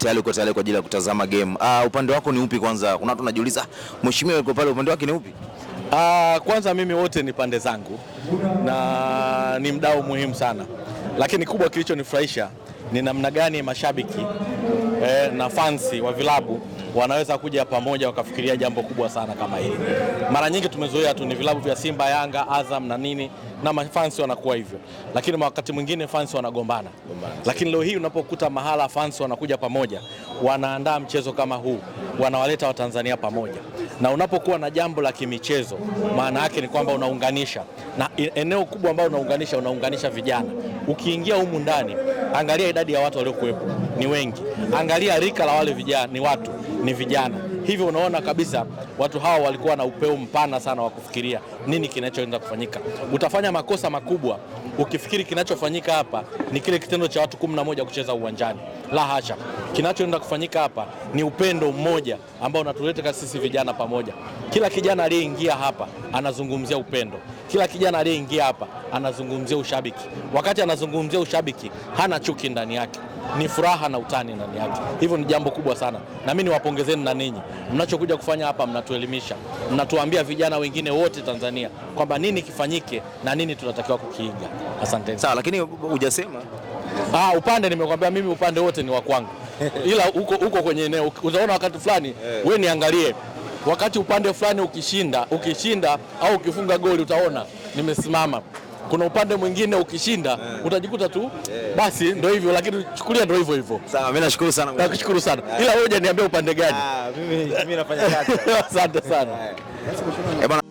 tayari uko tayari kwa ajili ya kutazama game. Uh, upande wako ni upi kwanza? Kuna watu wanajiuliza mheshimiwa yuko pale, upande wake ni upi? Uh, kwanza mimi wote ni pande zangu na ni mdau muhimu sana, lakini kubwa kilichonifurahisha ni namna gani mashabiki eh, na fansi wa vilabu wanaweza kuja pamoja wakafikiria jambo kubwa sana kama hili. Mara nyingi tumezoea tu ni vilabu vya Simba, Yanga, Azam na nini na mafansi wanakuwa hivyo, lakini wakati mwingine fans wanagombana. Lakini leo hii unapokuta mahala fans wanakuja pamoja, wanaandaa mchezo kama huu, wanawaleta Watanzania pamoja, na unapokuwa na jambo la kimichezo, maana yake ni kwamba unaunganisha, na e, eneo kubwa ambalo unaunganisha, unaunganisha vijana. Ukiingia humu ndani, angalia idadi ya watu waliokuwepo ni wengi, angalia rika la wale vijana ni watu ni vijana. Hivyo unaona kabisa watu hawa walikuwa na upeo mpana sana wa kufikiria nini kinachoenda kufanyika. Utafanya makosa makubwa ukifikiri kinachofanyika hapa ni kile kitendo cha watu kumi na moja kucheza uwanjani. La hasha, kinachoenda kufanyika hapa ni upendo mmoja ambao unatuleta sisi vijana pamoja. Kila kijana aliyeingia hapa anazungumzia upendo. Kila kijana aliyeingia hapa anazungumzia ushabiki, wakati anazungumzia ushabiki hana chuki ndani yake, ni furaha na utani ndani yake. Hivyo ni jambo kubwa sana, na mimi niwapongezeni na ninyi, mnachokuja kufanya hapa, mnatuelimisha, mnatuambia vijana wengine wote Tanzania kwamba nini kifanyike na nini tunatakiwa kukiiga. Asante. Sawa, lakini hujasema Ah, upande nimekwambia mimi upande wote ni wa kwangu, ila huko huko kwenye eneo utaona wakati fulani yeah. We niangalie wakati upande fulani ukishinda, ukishinda au ukifunga goli utaona nimesimama kuna upande mwingine ukishinda yeah. Utajikuta tu yeah. Basi ndio hivyo, lakini chukulia ndio hivyo hivyo. Sawa, mimi nashukuru sana, nakushukuru sana yeah. Ila wewe hujaniambia upande gani? Ah, mimi mimi nafanya kazi. Asante sana yeah. Eh,